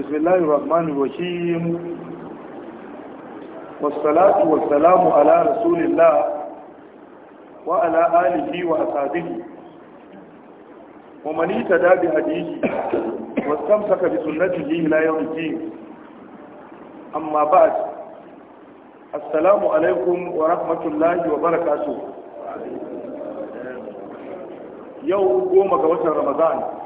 بسم الله الرحمن الرحيم والصلاة والسلام على رسول الله وعلى آله وأصحابه ومن اهتدى بهديه واستمسك بسنته إلى يوم الدين أما بعد السلام عليكم ورحمة الله وبركاته يوم قومك وشهر رمضان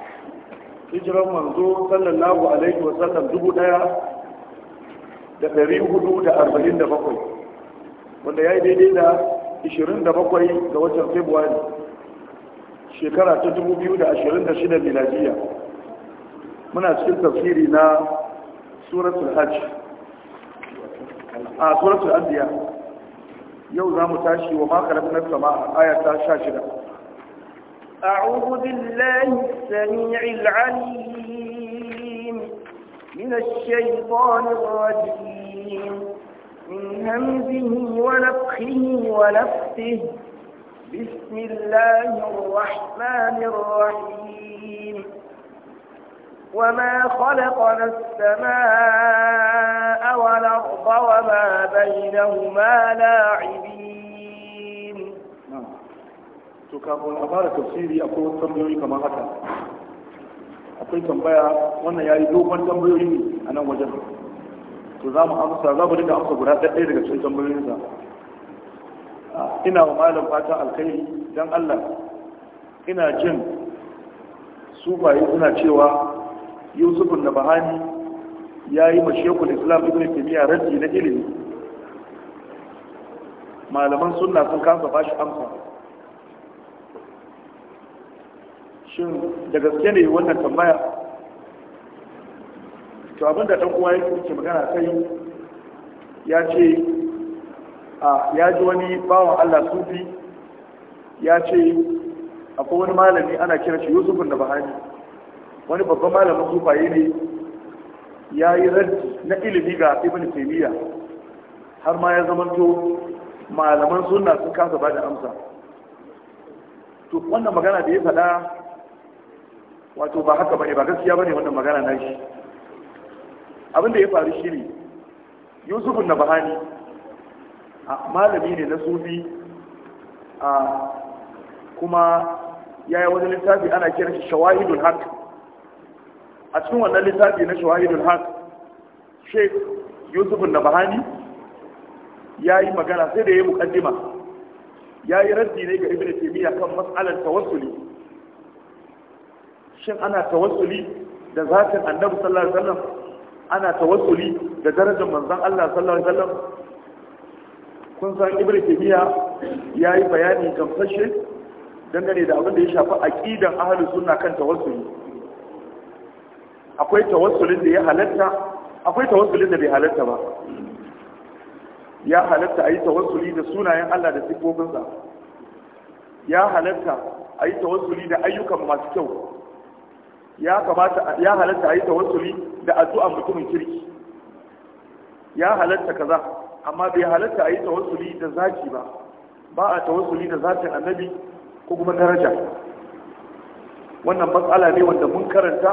hijiran manzo sallallahu alaihi sallam dubu daya da dari hudu da arba'in da bakwai wanda ya yi daidai da ishirin da bakwai ga watan februari shekara ta dubu biyu da ashirin da shida miladiya muna cikin tafsiri na suratul hajj a suratul anbiya yau za mu tashi wa makarar sama a aya ta sha shida أعوذ بالله السميع العليم من الشيطان الرجيم من همزه ونفخه ونفته بسم الله الرحمن الرحيم وما خلقنا السماء والأرض وما بينهما لاعبين to kafin a fara tafsiri akwai wasu tambayoyi kamar haka akwai tambaya wannan yayi dogon tambayoyi ne a nan wajen to za mu amsa za mu dinga amsa guda ɗaya daga cikin tambayoyinsa ina wa malam fata alkhairi dan Allah ina jin sufaye suna cewa Yusuf na bahani ya yi mashekul islam ibn kimiyya raddi na ilimi malaman sunna sun kasa bashi amsa shin da gaske ne wannan tambaya to abin da uwa ya ke magana kai ya ce ya ji wani bawan allah sufi ya ce akwai wani malami ana kira shi yusuf da bahani wani babban malamin sufaye ne ya yi raddi na ilimi ga ibn taymiya har ma ya zamanto malaman sunna sun kasa ba da amsa to wannan magana da ya faɗa wato ba haka bane ba gaskiya bane wannan magana na shi abin da ya faru shi ne yusuf na bahani malami ne na sufi a kuma ya yi wani littafi ana kiran shi shawahidul haq a cikin wannan littafi na shawahidul haq sheikh yusuf na bahani ya yi magana sai da ya yi mukaddima ya yi raddi ne ga ibn taymiya kan mas'alar tawassuli shin ana tawassuli da zatin annabi sallallahu alaihi wasallam ana tawassuli da darajar manzon Allah sallallahu alaihi wasallam kun san ibnu taymiya yayi bayani gamsashe dangane da abin da ya shafi aqidan ahlus sunna kan tawassuli akwai tawassulin da ya halatta akwai tawassulin da bai halatta ba ya halatta a yi tawassuli da sunayen Allah da sifofinsa ya halatta a yi tawassuli da ayyukan masu kyau ya kamata ya halatta a yi tawassuli da addu'a mutumin kirki ya halatta kaza amma bai halatta a yi tawassuli da zaki ba ba a tawassuli da zatin annabi ko kuma daraja wannan matsala ne wanda mun karanta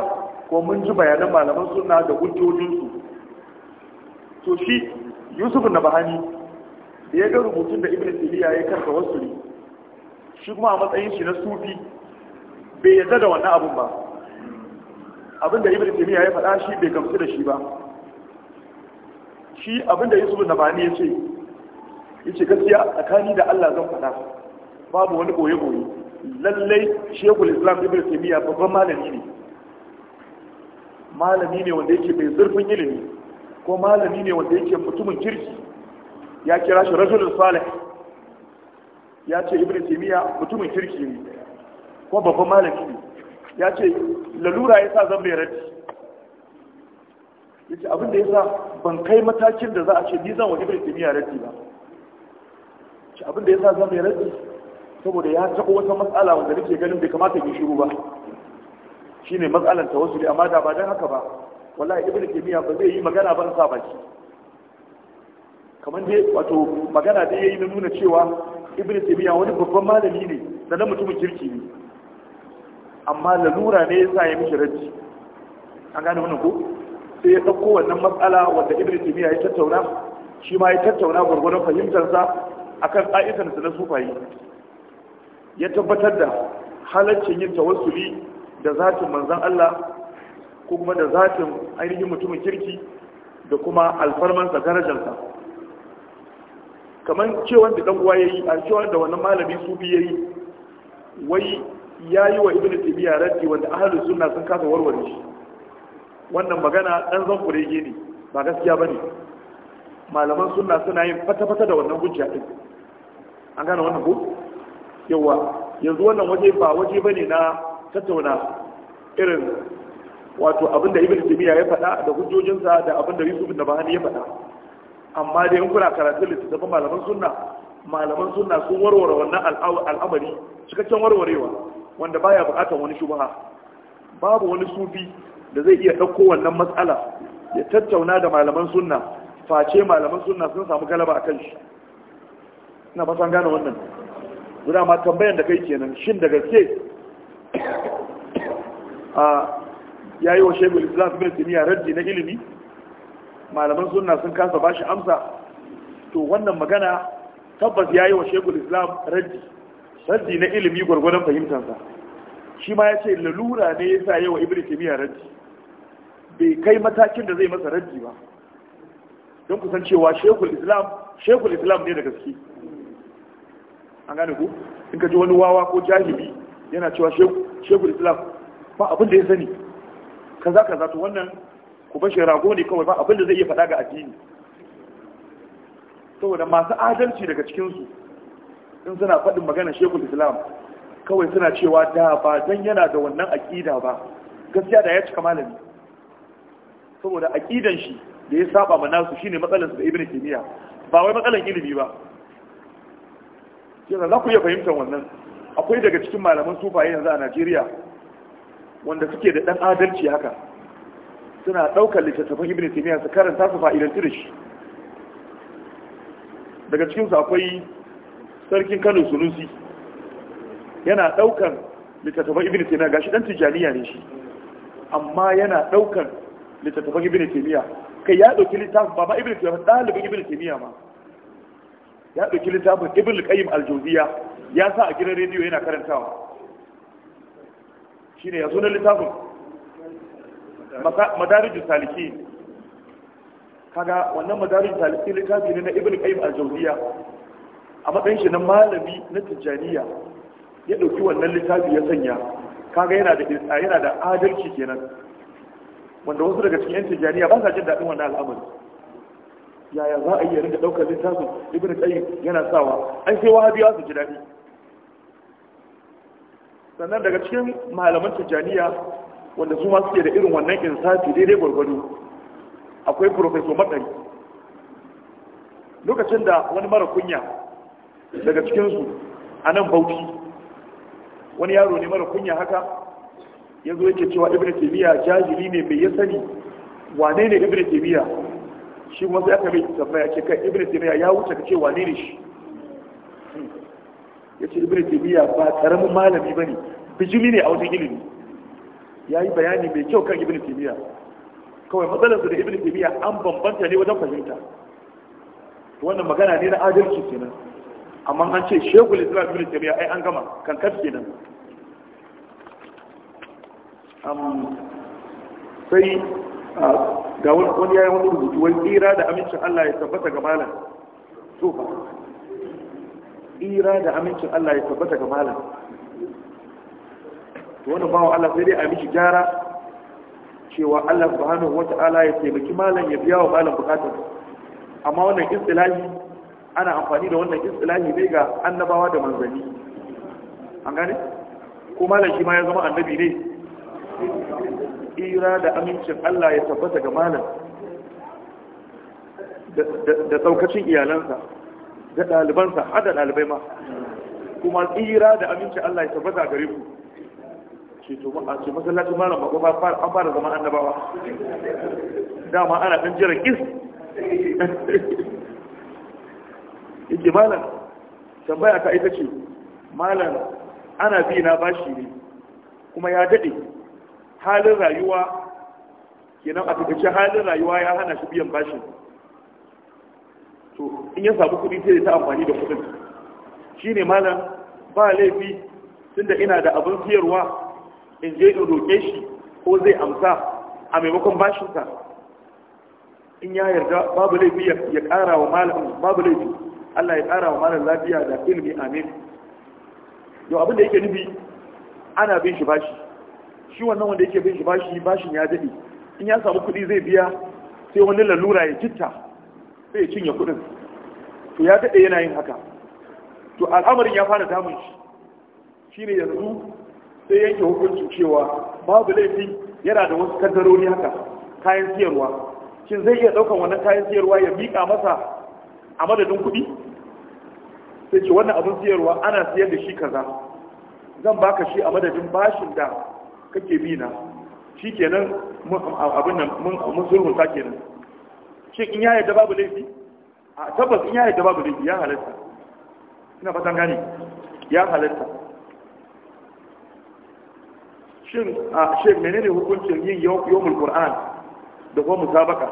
ko mun ji bayanan malaman sunna da hujjojinsu to shi yusuf na bahani da ya ga rubutun da ibn siriya ya karka wasuli shi kuma a matsayin shi na sufi bai yarda da wannan abun ba abinda ibn taymiya ya faɗa shi bai gamsu da shi ba shi abinda yusuf nabani ya ce yace gaskiya tsakani da Allah zan faɗa babu wani ɓoye-ɓoye, lallai shekul islam ibn taymiya babban malami ne malami ne wanda yake mai zurfin ilimi ko malami ne wanda yake mutumin kirki ya kira shi rajulun salih ya ce ibn taymiya mutumin kirki ne ko babban malami ne ya ce lalura ya sa zan bayarci raddi ya ce abinda ya sa ban kai matakin da za a ce ni zan wani bai kimiyya raddi ba ce abinda ya sa zan bayarci raddi saboda ya taɓa wata matsala wanda nake ganin bai kamata yi shiru ba shine matsalan ta wasu amma da ba don haka ba wallahi ibnu miya ba zai yi magana ban sa baki kamar dai wato magana da yi na nuna cewa ibnu kimiyya wani babban malami ne da na mutumin kirki ne amma lalura ne yasa ya mishi rabi an gane wannan ko sai ya ɗauko wannan matsala wanda ibn timiya ya tattauna shi ma ya tattauna gwargwadon fahimtarsa akan da na sufayi ya tabbatar da halaccin yin tawassuli da zatin manzon Allah ko kuma da zatin ainihin mutumin kirki da kuma alfarmansa darajarsa kamar cewan da dan ya yi a cewa da wannan malami sufi ya yi wai ya yi wa ibn tabiya raddi wanda ahlus sunna sun kasa warware shi wannan magana dan zan kurege ne ba gaskiya bane malaman sunna suna yin fata-fata da wannan hujja din an gane wannan ko yawa yanzu wannan waje ba waje bane na tattauna irin wato abinda ibn tabiya ya faɗa da hujjojinsa da abinda yusuf bin bahani ya faɗa amma dai in kuna karatun littattafan malaman sunna malaman sunna sun warware wannan al'amari cikakken warwarewa wanda baya bukatar wani shubaha, babu wani sufi da zai iya ɗauko wannan matsala ya tattauna da malaman sunna face malaman sunna sun samu galaba akan shi ina ba san gane wannan guda ma tambayan da kai kenan shin da gaske a yayi wa shaykhul islam bin timiya raddi na ilimi malaman sunna sun kasa bashi amsa to wannan magana tabbas yayi wa shaykhul islam raddi raddi na ilimi gwargwadon fahimtansa shi ma ya ce lalura ne ya sa yawa ibn taymiya raddi bai kai matakin da zai masa raddi ba don kusan cewa shekul islam shekul islam ne da gaske an gane ku in ka ji wani wawa ko jahili yana cewa shekul islam ba abin da ya sani kaza kaza to wannan ku bashi rago ne kawai ba abin da zai iya faɗa ga addini saboda masu adalci daga cikinsu in suna faɗin magana shekul islam kawai suna cewa da ba don yana da wannan aƙida ba gaskiya da ya cika malami saboda aƙidan shi da ya saba ma nasu shine matsalarsu da ibn kimiyya ba wai matsalar ilimi ba yana za ku iya fahimtar wannan akwai daga cikin malaman sufaye yanzu a najeriya wanda suke da ɗan adalci haka suna ɗaukar littattafan ibn kimiyya su karanta su fa'idanci da shi daga cikinsu akwai sarkin kano sunusi yana ɗaukan littattafan ibn taymiya gashi dan tijaniya ne shi amma yana ɗaukan littattafan ibn taymiya kai ya ɗauki littafin ba ma ibn ba ɗalibin ibn taymiya ma ya ɗauki littafin ibn qayyim al ya sa a gidan rediyo yana karantawa Shi ne ya zo na littafin Madarijin saliki kaga wannan madarijin saliki littafi ne na ibn qayyim al a matsayin shi na malami na tijjaniya ya ɗauki wannan littafi ya sanya kaga yana da yana da adalci kenan wanda wasu daga cikin 'yan tijjaniya ba sa jin daɗin wannan al'amari yaya za a iya rinka ɗaukar littafin ibn tsayi yana sawa an sai wahabiya su ji daɗi sannan daga cikin malaman tijjaniya wanda su ma suke da irin wannan insafi daidai gwargwado akwai professor maɗari. lokacin da wani mara kunya daga cikinsu a nan bauchi wani yaro ne mara kunya haka ya zo yake cewa ibn taymiya jajiri ne mai ya sani wane ne ibn taymiya shi kuma sai aka mai tambaya ce kai ibn taymiya ya wuce ka ce wane ne shi ya ce ibn taymiya ba karamin malami ba ne, bijimi ne a wajen ilimi ya yi bayani mai kyau kan ibn taymiya kawai matsalarsa da ibn taymiya an bambanta ne wajen fahimta wannan magana ne na adalci kenan amma an ce shekul islam ibn tabiya ai an gama kan nan am sai ga wani yayin wani rubutu wani tsira da amincin Allah ya tabbata ga malam to fa tsira da amincin Allah ya tabbata ga malam to wannan bawo Allah sai dai a miki gyara cewa Allah subhanahu wata'ala ya taimaki malam ya biya wa malam bukatar amma wannan istilahi ana amfani da wannan istilahi ne ga annabawa da manzanni an gane ko malam shi ma ya zama annabi ne ira da amincin Allah ya tabbata ga malam da saukacin iyalansa da ɗalibansa har da ɗalibai ma kuma tsira da amincin Allah ya tabbata gare ku ce to a ce masallacin malam ba kuma an fara zama annabawa dama ana ɗan jiran is yake malam tambaya ta ita ce malam ana bi na bashi ne kuma ya daɗe halin rayuwa kenan a tukace halin rayuwa ya hana shi biyan bashi to in ya samu kuɗi sai ta amfani da Shi ne malam ba laifi tun da ina da abin siyarwa in je in roƙe shi ko zai amsa a maimakon bashinsa in ya yarda babu laifi ya ƙara wa malamin babu laifi Allah ya ƙara wa mara lafiya da ilmi amin yau abin da yake nufi ana bin shi bashi shi wannan wanda yake bin shi bashi bashin ya daɗe in ya samu kuɗi zai biya sai wani lalura ya citta sai ya cinye kuɗin to ya daɗe yana yin haka to al'amarin ya fara damun shi shi ne yanzu sai yanke hukuncin cewa babu laifin yana da wasu kaddarori haka kayan siyarwa shin zai iya ɗaukan wannan kayan siyarwa ya miƙa masa a madadin kuɗi sai ce wannan abin siyarwa ana siyar da shi kaza zan baka shi a madadin bashin da kake bi na shi kenan abin nan mun sa kenan shi in ya yadda babu laifi a tabbas in ya yadda babu laifi ya halatta ina fatan gane ya halatta shin a shi menene hukuncin yin yawmul qur'an da kuma musabaka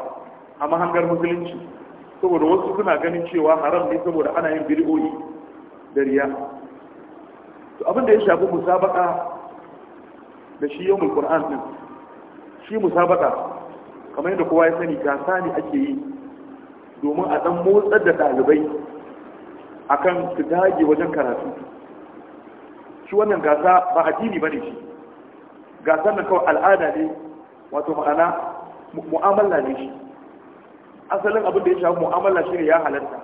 a mahangar musulunci saboda wasu suna ganin cewa haram ne saboda ana yin biri'oi da riya to abin da ya shafi musabaka da shi yawmul qur'an din shi musabaka kamar yadda kowa ya sani gasa ne ake yi domin a ɗan motsar da dalibai akan su dage wajen karatu shi wannan gasa ba addini bane shi gasar nan kawai al'ada ne wato ma'ana mu'amala ne shi asalin abin da ya shafi mu'amala ne ya halatta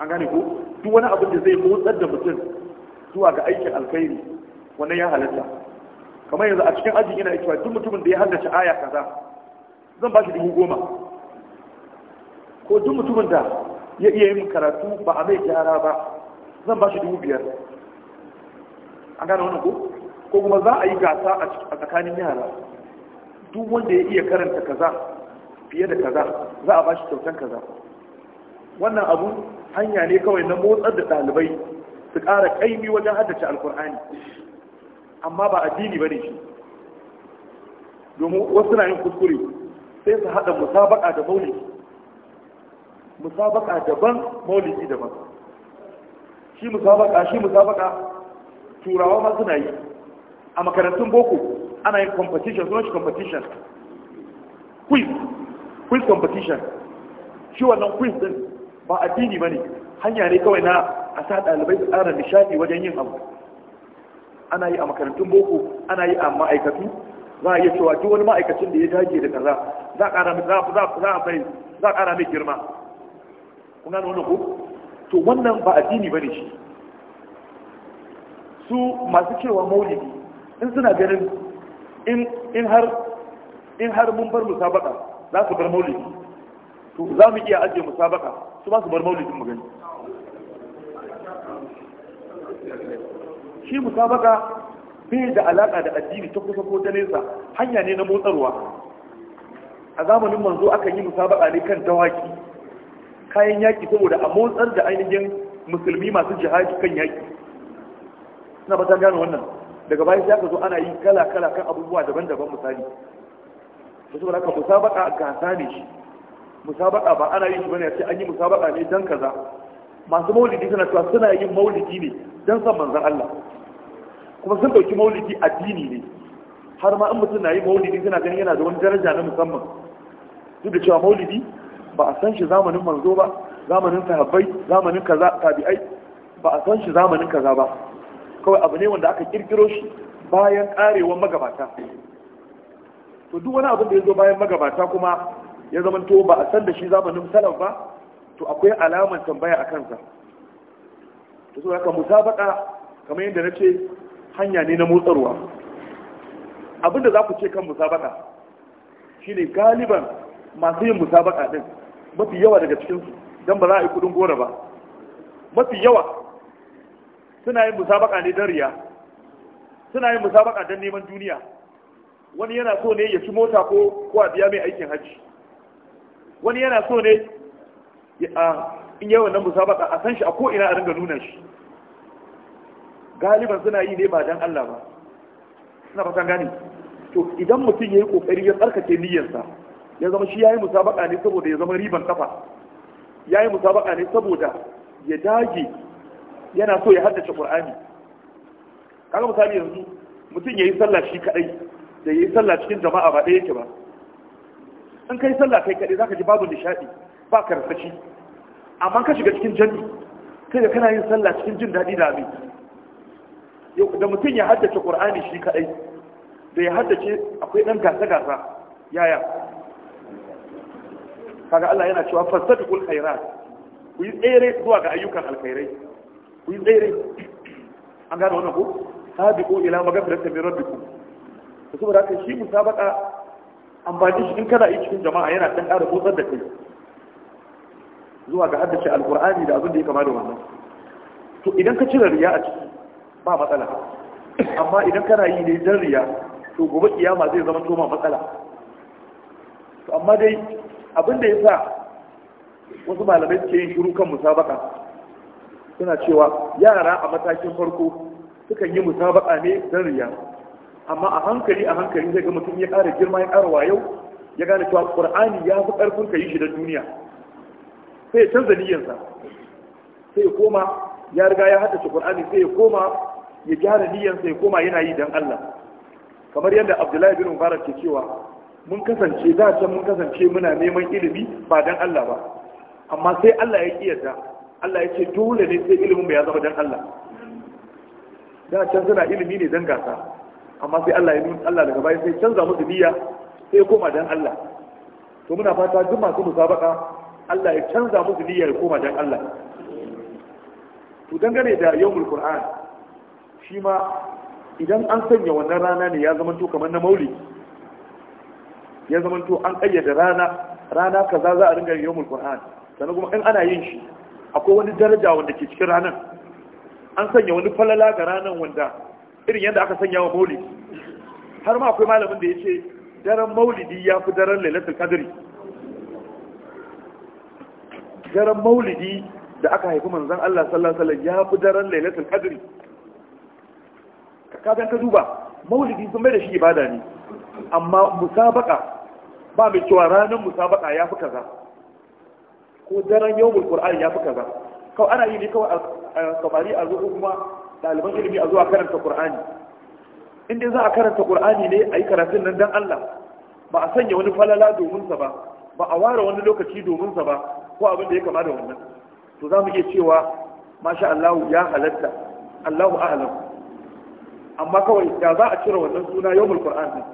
an gane ko duk wani abin da zai motsar da mutum zuwa ga aikin alkhairi wannan ya halatta kamar yanzu a cikin aji ina cewa duk mutumin da ya haddace aya kaza zan ba shi dubu goma ko duk mutumin da ya iya yin karatu ba a mai gyara ba zan ba shi dubu biyar an gane wannan ko ko kuma za a yi gasa a tsakanin yara duk wanda ya iya karanta kaza fiye da kaza za a bashi kyautan kaza wannan abu hanya ne kawai na motsar da ɗalibai su ƙara ƙaimi wajen haddace alkur'ani amma ba addini ba ne shi domin wasu na yin kuskure sai su haɗa musabaka da maulidi musabaka daban maulidi daban shi musabaka shi musabaka turawa ma suna yi a makarantun boko ana yin competition suna shi competition quiz quiz competition shi wannan quiz din ba addini ba ne hanya ne kawai na a sa ɗalibai su ƙara nishaɗi wajen yin abu ana yi a makarantun boko ana yi a ma'aikatu za a iya cewa duk wani ma'aikacin da ya dage da kaza za a ƙara mai za a ƙara mai girma Kuna gano wannan ko to wannan ba addini ba ne shi su masu cewa maulidi in suna ganin in har mun bar musabaka za su bar maulidi to za mu iya ajiye musabaka su ba su bar maulidin mu gani shi musabaka bai da alaka da addini ta kusa ko ta nesa hanya ne na motsarwa a zamanin manzo aka yi musabaka ne kan dawaki kayan yaki saboda a motsar da ainihin musulmi masu jihadi kan yaki na ba ta gano wannan daga baya sai aka zo ana yi kala kala kan abubuwa daban-daban misali da saboda haka musabaka gasa ne shi musabaka ba ana yi shi bane a ce an yi musabaka ne dan kaza masu maulidi suna cewa suna yin maulidi ne dan san manzon Allah kuma sun dauki maulidi addini ne har ma in mutum na yi maulidi suna ganin yana da wani daraja na musamman duk da cewa maulidi ba a san shi zamanin manzo ba zamanin sahabbai zamanin kaza tabi'ai ba a san shi zamanin kaza ba kawai abu ne wanda aka kirkiro shi bayan karewar magabata to duk wani abin da ya zo bayan magabata kuma ya zama to ba a san da shi zamanin salaf ba to akwai alaman tambaya a kansa to saboda haka musabaka kamar yadda na ce hanya ne na motsarwa abin da za ku ce kan musabaka shine galiban masu yin musabaka din mafi yawa daga cikinsu don ba za a yi kudin gora ba mafi yawa suna yin musabaka ne don riya suna yin musabaka don neman duniya wani yana so ne ya ci mota ko ko a biya mai aikin hajji wani yana so ne in yi wannan musabaka a san shi a ko'ina a ringa nuna shi galiban suna yi ne ba don Allah ba suna fatan gani to idan mutum ya yi kokari ya tsarkake niyyarsa ya zama shi ya yi musabaka ne saboda ya zama riban kafa ya yi musabaka ne saboda ya dage yana so ya haddace Kur'ani. kaga misali yanzu mutum ya yi sallah shi kadai da yi sallah cikin jama'a ba ɗaya yake ba in kai sallah kai kaɗai zaka ji babu nishaɗi ba karsashi amma ka shiga cikin jami kai da kana yin sallah cikin jin daɗi da abin da mutum ya haddace ƙur'ani shi kaɗai da ya haddace akwai ɗan gasa-gasa yaya kaga Allah yana cewa fasadu kul khairat ku yi tsere zuwa ga ayyukan alkhairai ku yi tsere an gano wannan ko sabiqu ila maghfiratin min rabbikum da saboda haka shi musabaka amfani shi in kana yi cikin jama'a yana ɗan ƙara motsar da kai zuwa ga haddace alkur'ani da abin da ya kama da wannan to idan ka cire riya a ciki ba matsala amma idan kana yi ne dan riya to gobe kiyama zai zama to matsala to amma dai abin da sa wasu malamai suke yin shiru kan musabaka suna cewa yara a matakin farko sukan yi musabaka ne dan riya amma a hankali a hankali zai ga mutum ya ƙara girma ya ƙara wayo ya gane cewa ƙur'ani ya fi ƙarfin ka yi shi da duniya sai ya canza niyyarsa sai ya koma ya riga ya haddace ƙur'ani sai ya koma ya gyara niyyarsa ya koma yana yi don Allah kamar yadda Abdullahi bin Mubarak ke cewa mun kasance da can mun kasance muna neman ilimi ba don Allah ba amma sai Allah ya kiyarta Allah ya ce dole ne sai ilimin ya zama don Allah da can suna ilimi ne don gasa amma sai Allah ya nuna Allah daga baya sai canza musu niyya sai koma dan Allah to muna fata duk masu musabaka Allah ya canza musu niyya ya koma dan Allah to dangane da yawmul qur'an shi ma idan an sanya wannan rana ne ya zama to kamar na Mauli, ya zama to an kayyade rana rana kaza za a ringa yawmul qur'an sannan kuma in ana yin shi akwai wani daraja wanda ke cikin ranar an sanya wani falala ga ranar wanda irin yadda aka sanya wa maulidi har ma akwai malamin da ya ce daren maulidi ya fi daren lailatul kadiri daren maulidi da aka haifi manzan Allah sallallahu alaihi wasallam ya fi daren lailatul kadiri ka ka duba maulidi sun mai da shi ibada ne amma musabaka ba mai cewa ranar musabaka ya fi kaza ko daren yawmul qur'an ya fi kaza kawai ana yi ne kawai a kamari a zuwa kuma ɗaliban ilimi a zuwa karanta ƙur'ani in dai za a karanta ƙur'ani ne a yi karatun nan don Allah ba a sanya wani falala domin sa ba ba a ware wani lokaci domin sa ba ko abin da ya kama da wannan to za mu iya cewa masha Allah ya halatta Allahu a'lam amma kawai da za a cire wannan suna yawmul qur'an din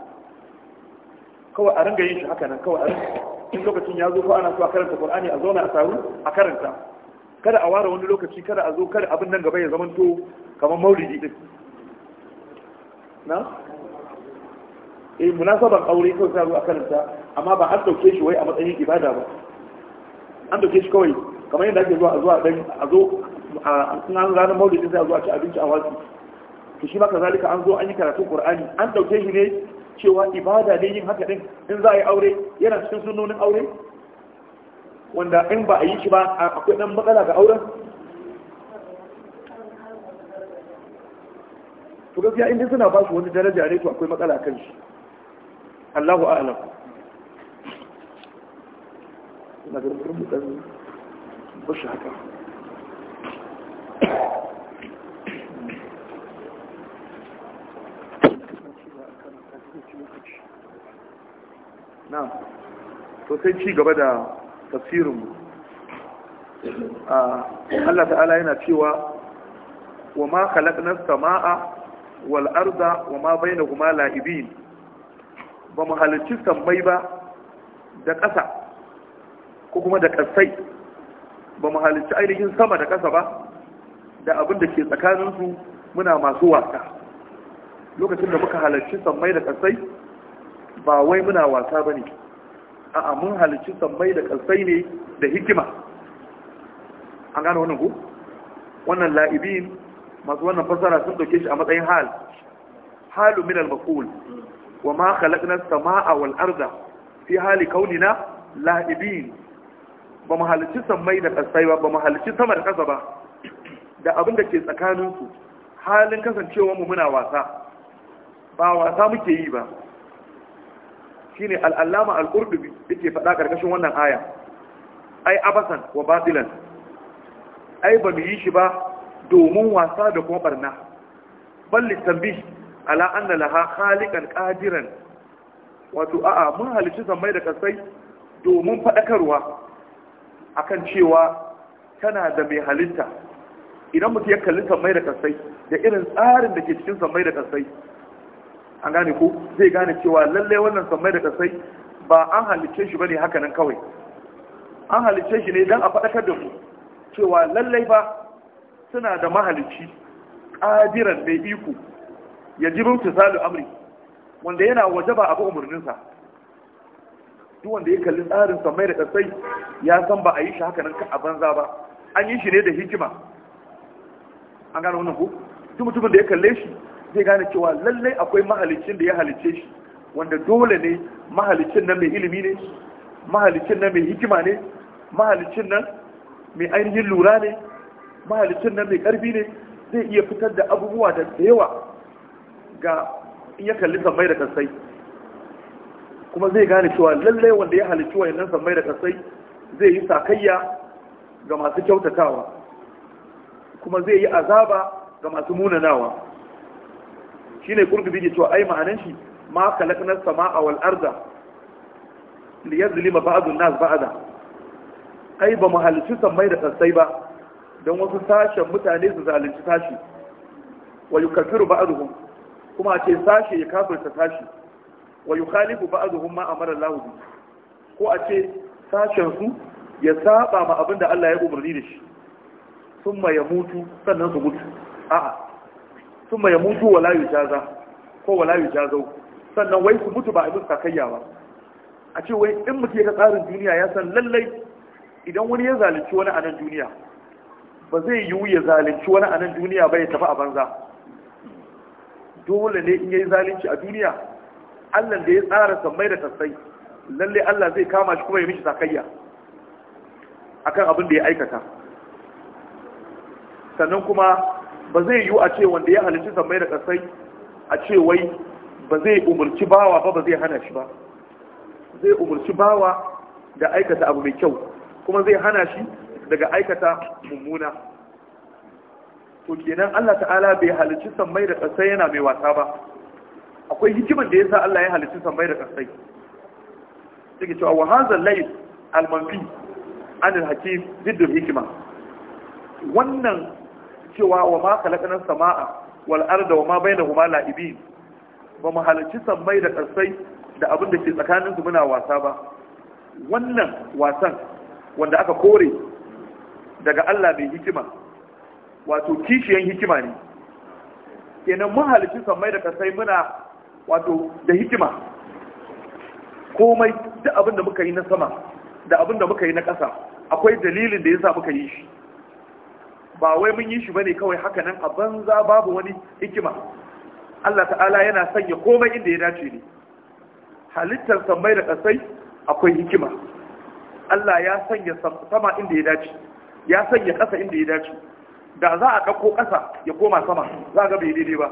kawai a ringa yin shi haka nan kawai a ringa in lokacin ya zo ko ana so a karanta qur'ani a zauna a taru a karanta kada a ware wani lokaci kada a zo kada abin nan gaba ya to kamar maulidi din na eh munasaban aure ko sai a karanta amma ba an dauke shi wai a matsayin ibada ba an dauke shi kawai kamar yadda ake zuwa a zuwa a dan a zo a an ranar maulidi sai a zo a ci abinci a wasu to shi maka zalika an zo an yi karatun qur'ani an dauke shi ne cewa ibada ne yin haka din in za a yi aure yana cikin sunnonin aure wanda in ba a yi shi ba akwai ɗan matsala ga auren to gaskiya inda suna ba su wani daraja ne to akwai matsala kan shi Allahu a'lam ina ga rubuta bashi haka na'am to sai ci gaba da tafsirinmu Allah ta'ala yana cewa wa ma khalaqna samaa wal arda wa ma kuma la'ibin ba mu halicci sammai ba da ƙasa ko kuma da ƙasai ba mu halicci ainihin sama da ƙasa ba da abin da ke tsakaninsu muna masu wasa lokacin da muka halarci sammai da ƙasai ba wai muna wasa ba ne a'a mun halicci sammai da kalsai ne da hikima an gano wannan ku wannan la'ibin masu wannan fasara sun doke shi a matsayin hal halu min al-maqul wa ma khalaqna as samaaa wal arda fi hali kaunina la'ibin ba mu halicci sammai da kalsai ba ba mu halicci sama da kasa ba da abin da ke tsakanin su halin kasancewar mu muna wasa ba wasa muke yi ba shine al-allama al-qurtubi yake faɗa ƙarƙashin wannan aya ai abasan wa batilan ai ba mu yi shi ba domin wasa da kuma barna balli tambi ala anna laha khaliqan qadiran wato a'a mun halicci zammai da kasai domin faɗakarwa akan cewa tana da mai halitta idan mutum ya kalli sammai da kasai da irin tsarin da ke cikin sammai da kasai an gane ko zai gane cewa lallai wannan samai da kasai ba an halice shi bane haka nan kawai an halicce shi ne don a faɗakar da mu cewa lallai ba suna da mahalicci ƙadiran mai iko ya ji bin fisalu amri wanda yana waje ba abu umarninsa duk wanda ya kalli tsarin samai da ƙasai ya san ba a yi shi haka nan a banza ba an yi shi ne da hikima an gane wannan ku duk mutumin da ya kalle shi zai gane cewa lallai akwai mahalicin da ya halicce shi wanda dole ne mahalicin nan mai ilimi ne mahalicin nan mai hikima ne mahalicin nan mai ainihin lura ne mahalicin nan mai karfi ne zai iya fitar da abubuwa da yawa ga iya ya kalli sammai da kasai kuma zai gane cewa lallai wanda ya halicci wayannan sammai da kasai zai yi sakayya ga masu kyautatawa kuma zai yi azaba ga masu munanawa shine kurgubi ke cewa ai ma'anan shi ma kalakna sama'a wal arda li yazlima ba'd an-nas ba'da ai ba mu halicci mai da sai ba don wasu sashen mutane su zalunci sashi wa yukaffiru ba'dhum kuma ce sashe ya kafirta sashi wa yukhalifu ba'dhum ma amara Allah bi ko a ce sashen su ya saba ma abinda Allah ya umarni da shi summa ya mutu sannan su mutu a'a summa ya mutu wala yujaza ko wala yujazau sannan wai su mutu ba a musu kayya ba a ce wai in mutu ya tsarin duniya ya san lallai idan wani ya zalunci wani a nan duniya ba zai yiwu ya zalunci wani a nan duniya ba ya tafi a banza dole ne in ya yi zalunci a duniya allah da ya tsara sammai da sassai lallai allah zai kama shi kuma ya mishi sakayya akan abin da ya aikata sannan kuma ba zai yiwu a ce wanda ya halicci sammai da sassai a ce wai ba zai umarci bawa ba ba zai hana shi ba zai umarci bawa da aikata abu mai kyau kuma zai hana shi daga aikata mummuna to kenan Allah ta'ala bai halicci sammai da ƙasai yana mai wasa ba akwai hikiman da yasa Allah ya halicci sammai da ƙasai take cewa wa hazal layl al-manfi an al-hakim diddul hikma wannan cewa wa ma khalaqna samaa wal arda wa ma bainahuma la'ibin ba mu halarci sammai da karsai da abin da ke su muna wasa ba wannan wasan wanda aka kore daga Allah mai hikima wato kishiyan hikima ne kenan mun halarci sammai da karsai muna wato da hikima komai duk abin da muka yi na sama da abin da muka yi na ƙasa akwai dalilin da ya sa muka yi shi ba wai mun yi shi bane kawai haka nan a banza babu wani hikima Allah ta'ala yana sanya komai inda ya dace ne halittar sammai da kasai akwai hikima Allah ya sanya sama inda ya dace ya sanya kasa inda ya dace da za a ɗauko ƙasa ya koma sama za a ga bai daidai ba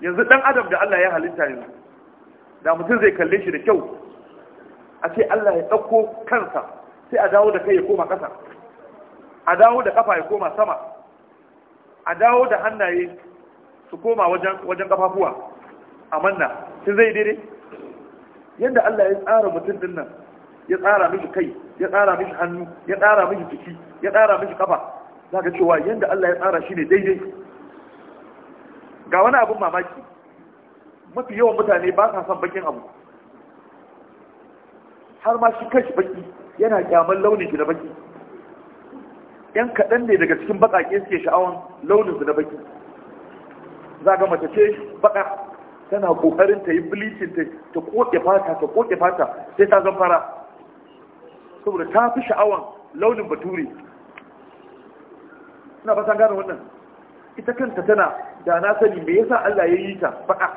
yanzu ɗan adam da Allah ya halitta yanzu da mutum zai kalle shi da kyau a ce Allah ya ɗauko kansa sai a dawo da kai ya koma ƙasa a dawo da ƙafa ya koma sama a dawo da hannaye su koma wajen kafafuwa a manna zai daidai yadda Allah ya tsara mutum din nan ya tsara mishi kai ya tsara mishi hannu ya tsara mishi jiki ya tsara mishi kafa za ka cewa yadda Allah ya tsara shi ne daidai ga wani abun mamaki mafi yawan mutane ba sa son bakin abu har ma shi kashi baki yana kyaman launin shi na baki yan kaɗan ne daga cikin baƙaƙe suke sha'awan launin su na baki za ga mace ce baka tana kokarin ta yi bleaching ta ta koke fata ta koke fata sai ta zan fara saboda ta fi sha'awan launin bature ina fasa gane wannan ita kanta tana da na sani me yasa Allah ya yi ta baka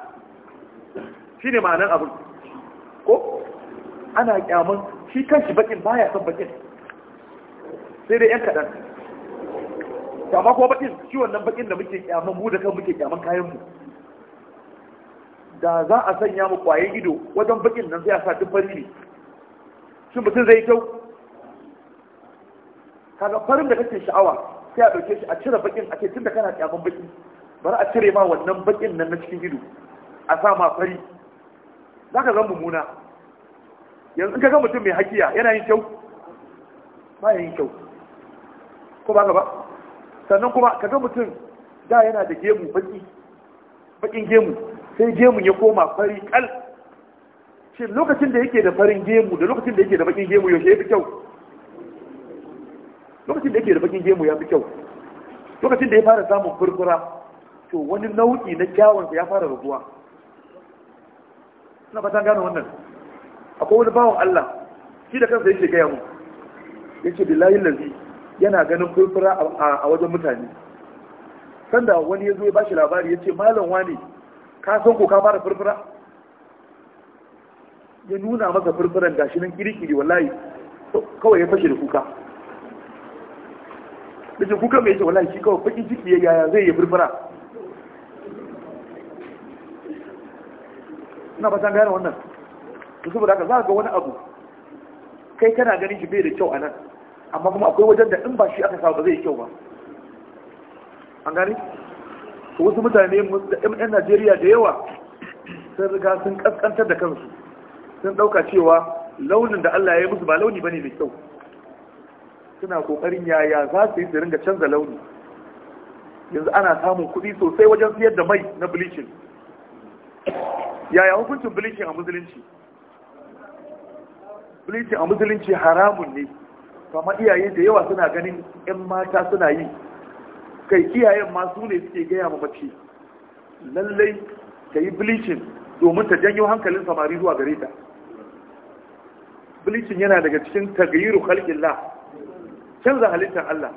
shine ma'anar abin ko ana kyaman shi kanshi bakin baya son bakin sai dai yan kaɗan to amma kuma bakin shi wannan bakin da muke kyaman mu da kan muke kyaman kayan mu da za a sanya mu kwaye ido wajen bakin nan sai a sa duk ne. shin mutum zai kyau kaga farin da kake sha'awa sai a ɗauke shi a cire bakin ake tunda kana kyaman baki bari a cire ma wannan bakin nan na cikin ido a sa ma fari za ka zan mumuna yanzu ka ga mutum mai hakiya yana yin kyau ba yin kyau ko ba ka ba sannan kuma kaga mutum da yana da gemu baki bakin gemu sai gemu ya koma fari kal shin lokacin da yake da farin gemu da lokacin da yake da bakin gemu yaushe ya fi kyau lokacin da yake da bakin gemu ya fi kyau lokacin da ya fara samun furfura to wani nau'i na kyawunsa ya fara raguwa suna fatan gano wannan akwai wani bawan Allah shi da kansa yake gaya mu yake billahi lazi yana ganin furfura a wajen mutane sanda wani ya zo ya bashi labari ya ce malam wani ka san ko ka fara furfura ya nuna masa furfuran gashi nan kirikiri wallahi kawai ya fashe da kuka da ce kuka mai ce wallahi shi kawai fakin ciki ya yaya zai yi furfura ina ba san gane wannan su saboda haka za ka ga wani abu kai kana ganin shi bai da kyau a nan amma kuma akwai wajen da in ba shi aka samu ba zai kyau ba an gani wasu mutane da yan najeriya da yawa sun riga sun kaskantar da kansu sun ɗauka cewa launin da allah ya yi musu ba launi bane mai kyau suna kokarin yaya za su yi su ringa canza launi yanzu ana samun kuɗi sosai wajen siyar da mai na bilicin. yaya hukuncin bleaching a musulunci bleaching a musulunci haramun ne kama iyaye da yawa suna ganin 'yan mata suna yi kai iyayen masu ne suke gaya ma mace lallai ta yi bleaching domin ta janyo hankalin samari zuwa gare ta bleaching yana daga cikin tagayiru halƙillah canza halittar Allah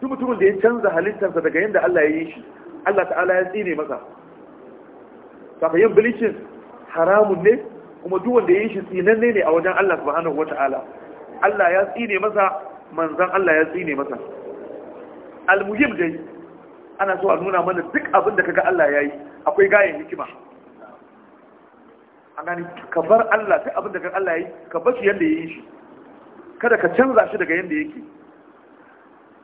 duk mutumin da ya canza halittarsa daga yadda Allah ya yi shi Allah ta'ala ya tsine masa yin bilicin haramun ne kuma duwanda wanda ya yi shi tsinanne ne a wajen Allah subhanahu Allah ya tsine masa manzan Allah ya tsine masa almuhim dai ana so a nuna mana duk abin da kaga Allah ya yi akwai gayen hikima an gani ka bar Allah duk abin da kaga Allah ya yi ka bar shi yadda ya yi shi kada ka canza shi daga yadda yake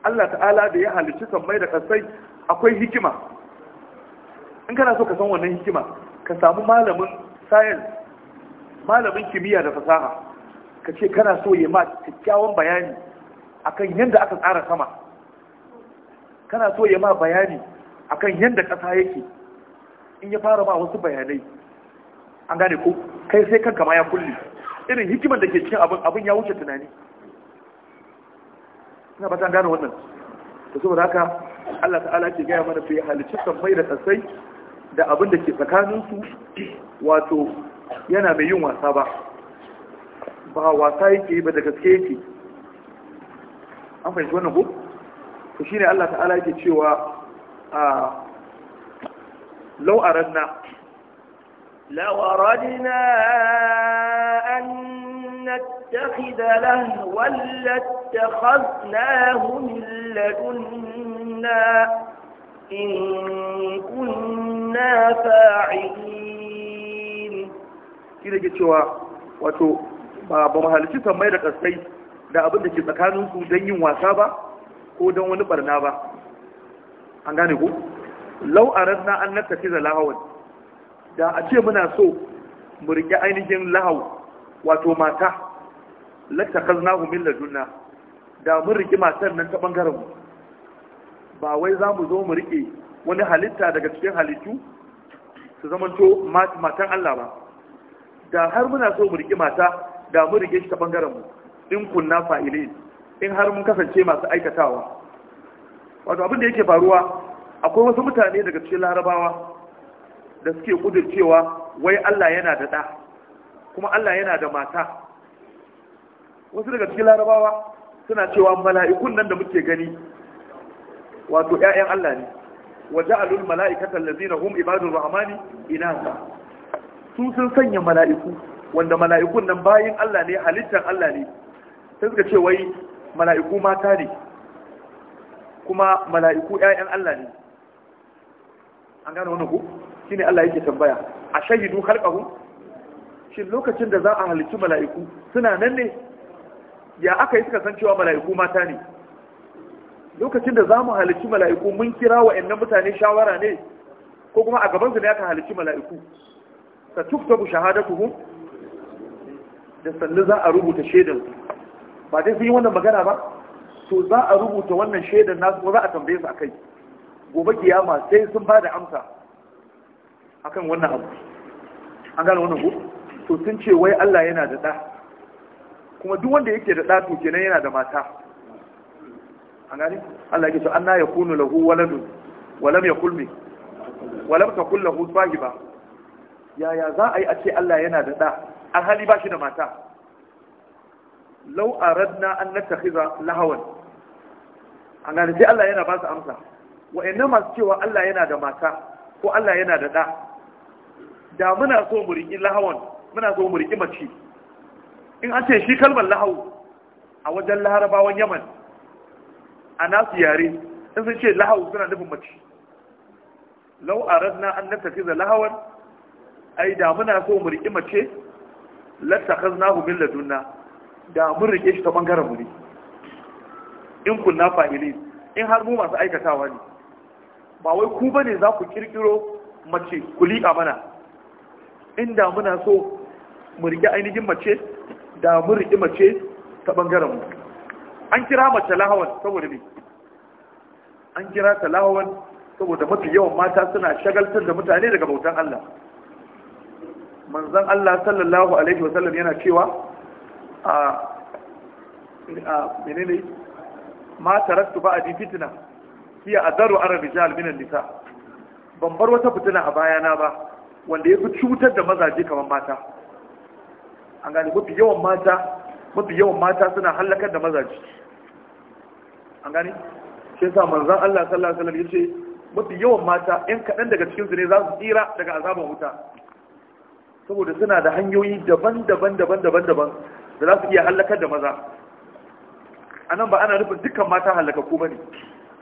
Allah ta'ala da ya halicci sammai da kasai akwai hikima in kana so ka san wannan hikima ka samu malamin science malamin kimiyya da fasaha ka ce kana so ya ma kyakkyawan bayani akan yadda aka tsara sama kana so ya ma bayani akan yadda ƙasa yake in ya fara ma wasu bayanai an gane ko kai sai kanka ma ya kulle irin hikimar da ke cikin abin ya wuce tunani ina ba ta gane wannan to saboda haka Allah ta'ala ke gaya mana bai halicci sammai da kasai da abin da ke tsakaninsu wato yana mai yin wasa ba ba wasa yake yi ba da gaske yake an fahimci wannan ku? shi ne Allah ta'ala yake cewa a lau a ranna. aradna an nattakhidha lahwan lattakhadnahu min ladunna in kunna fa'ilin kira ke cewa wato ba ba mu halici sammai da kasai da abin da ke tsakanin su don yin wasa ba ko don wani barna ba an gane ku lau ranar an tafi da lahawar da a ce muna so mu riƙe ainihin lahau wato mata lattakhaznahu min lajuna da mun riƙe matan nan ta bangaren ba wai za mu zo mu riƙe wani halitta daga cikin halittu su zamanto matan Allah ba da har muna so mu riƙe mata da mu rige shi ta bangaren mu in kunna fa'ile, in har mun kasance masu aikatawa wato abin da yake faruwa akwai wasu mutane daga cikin larabawa da suke kudircewa wai Allah yana da ɗa kuma Allah yana da mata wasu daga cikin larabawa suna cewa mala'ikun nan da muke gani wato ‘ya'yan Allah ne waje alul mala'ikatan lazina hum ibadun rahmani ina su sun sanya mala'iku wanda mala'ikun nan bayin Allah ne halittar Allah ne sai suka ce wai mala'iku mata ne kuma mala'iku ‘ya'yan Allah ne an gano wani ku shi ne Allah yake tambaya a shahidu halƙahu shi lokacin da za a halittu mala'iku suna nan ne ya aka yi suka san cewa mala'iku mata ne lokacin da za mu halittu mala'iku mun kira wa ‘yan mutane shawara ne ko kuma a gabansu ne aka halittu mala'iku ta tufta bu shahadatuhum da sannu za a rubuta shaidan ba dai sun yi wannan magana ba to za a rubuta wannan shaidan nasu kuma za a tambaye su akai gobe kiyama sai sun ba da amsa akan wannan abu an gane wannan ku to sun ce wai Allah yana da ɗa kuma duk wanda yake da ɗa to kenan yana da mata an gane Allah yake to anna yakunu lahu waladun walam yakul mi walam takul lahu sahiba yaya za a yi a ce Allah yana da ɗa alhali ba shi da mata lau a radna an na tafiza lahawan A gane sai Allah yana ba su amsa Wa ina masu cewa Allah yana da mata ko Allah yana da ɗa da muna so mu riƙi lahawan muna so mu riƙi mace in an ce shi kalmar lahau a wajen laharabawan yaman a nasu yare in sun ce lahau suna nufin mace lau a radna an na tafiza lahawan ai da muna so mu riƙi mace lattakhaznahu min ladunna da mun rike shi ta bangaren mu ne in kunna fa'ilin in har mu masu aikatawa ne ba wai ku bane za ku kirkiro mace ku liƙa mana inda muna so mu riƙe ainihin mace da mun riƙe mace ta ɓangaren mu an kira mace lahawan saboda me an kira ta lahawan saboda mafi yawan mata suna shagaltar da mutane daga bautan Allah manzan Allah sallallahu alaihi wasallam yana cewa a menene ma tarattu ba a fitina hiya azaru ara rijal min nisa ban bar wata fitina a bayana ba wanda ya fi cutar da mazaje kamar mata an gani mafi yawan mata mafi yawan mata suna hallakar da mazaje an gani? shi sa manzan Allah sallallahu alaihi wasallam yace mafi yawan mata 'yan kaɗan daga cikinsu ne za su tsira daga azaban wuta saboda suna da hanyoyi daban-daban daban-daban daban da za su iya halakar da maza a nan ba ana nufin dukkan mata halaka ko bane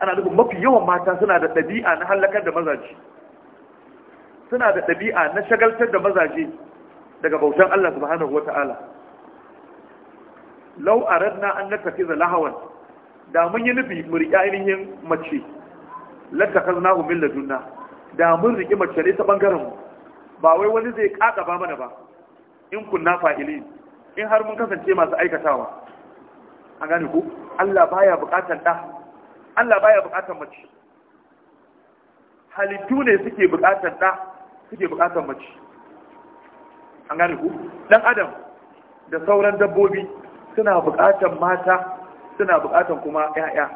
ana nufin mafi yawan mata suna da ɗabi'a na halakar da mazaje suna da ɗabi'a na shagaltar da mazaje daga bautan Allah subhanahu wata'ala lau aradna an nattakiza lahawan da mun yi nufi mu riƙi ainihin mace lattakalnahu min ladunna da mun riƙi mace ne ta bangaren mu ba wai wani zai kada ba mana ba in kunna fa'ili in har mun kasance masu aikatawa an gane ku Allah baya bukatar da Allah baya bukatar mace halittu ne suke bukatar da suke bukatar mace an gane ku dan adam da sauran dabbobi suna bukatar mata suna bukatar kuma ƴaƴa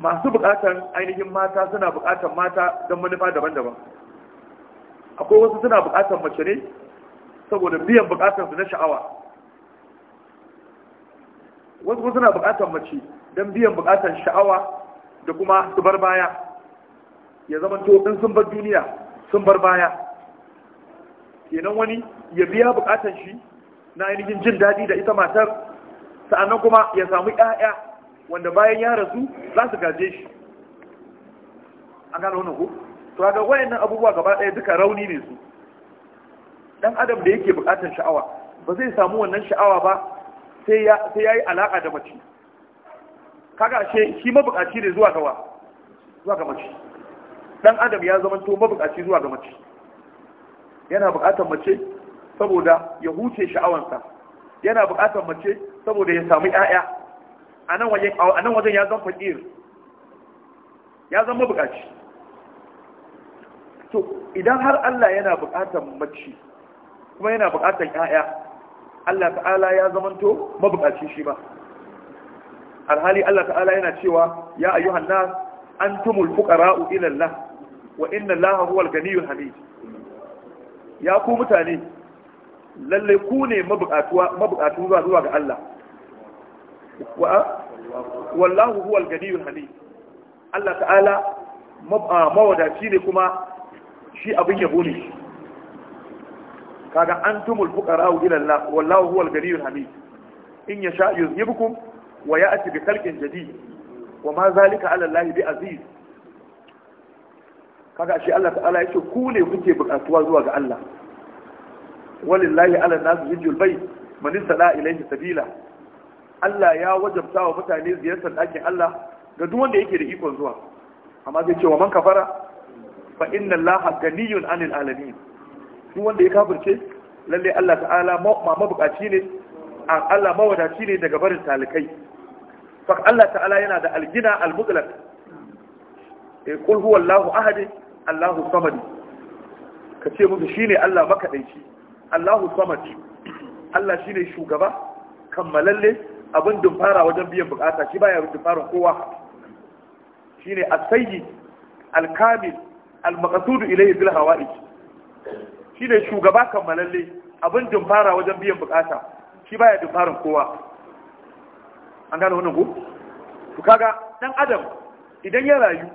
masu bukatar ainihin mata suna bukatar mata don manufa daban-daban akwai wasu suna bukatar mace ne saboda biyan bukatar su na sha'awa wasu kuma suna bukatar mace don biyan bukatar sha'awa da kuma su bar baya ya zama in sun bar duniya sun bar baya kenan wani ya biya bukatar shi na ainihin jin daɗi da ita matar sa'annan kuma ya samu 'ya'ya wanda bayan ya rasu za su gaje shi an gano wannan ko to ga wayannan abubuwa gaba ɗaya duka rauni ne su dan adam da yake buƙatar sha'awa ba zai samu wannan sha'awa ba sai ya sai yayi alaka da mace kaga she shi mabukaci ne zuwa gawa zuwa ga mace dan adam ya zama to mabukaci zuwa ga mace yana buƙatar mace saboda ya huce sha'awansa yana buƙatar mace saboda ya samu ƴaƴa a nan wajen ya zama fakir ya zama buƙaci. to idan har Allah yana buƙatar mace kuma yana buƙatar ƴaƴa Allah ta'ala ya zamanto mabuƙaci shi ba alhali Allah ta'ala yana cewa ya ayyuhan nas antumul fuqara'u ila Allah wa inna Allah huwal ganiyyul hamid ya ku mutane lalle ku ne mabuƙatuwa mabuƙatu zuwa ga Allah wa wallahu huwal ganiyyul hamid Allah ta'ala mawadaci ne kuma shi abin yabo ne shi kaga antumul fuqara'u ila Allah wallahu huwal ghaniyyul hamid in yasha yuzhibukum wa ya'ti bi khalqin jadid wa ma zalika ala Allah bi aziz kaga shi Allah ta'ala yace ku ne kuke buƙatuwa zuwa ga Allah walillahi ala nas hijjul bayt man istala ilayhi sabila Allah ya wajabta wa mutane ziyartar ɗakin Allah ga duk wanda yake da ikon zuwa amma zai ce wa man kafara fa inna allaha ganiyun anil alamin duk wanda ya kafirce lalle Allah ta'ala ma mabukaci ne Allah mawadaci ne daga barin talikai fa Allah ta'ala yana da algina almutlaq e qul huwallahu ahad Allahu samad kace musu shine Allah makadaici Allahu samad Allah shine shugaba kammalalle abin dumfara wajen biyan bukata shi baya dumfarin kowa shine as-sayyid al-kamil al-maqsudu ilayhi bil hawa'ij shine shugaba kammalalle abin dumfara wajen biyan bukata shi baya dumfarin kowa an gane wannan ko to kaga dan adam idan ya rayu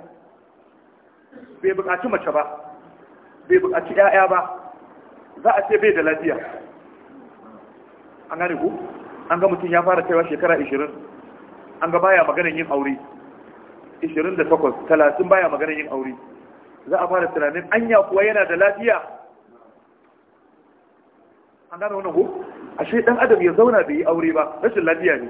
bai bukaci mace ba bai bukaci 'ya'ya ba za a ce bai da lafiya an gane ko an ga mutum ya fara kaiwa shekara 20 an ga baya maganar yin aure 28 30 baya maganar yin aure za a fara tunanin anya kuwa yana da lafiya an gane hukum a ashe dan adam ya zauna bai yi aure ba rashin lafiya ne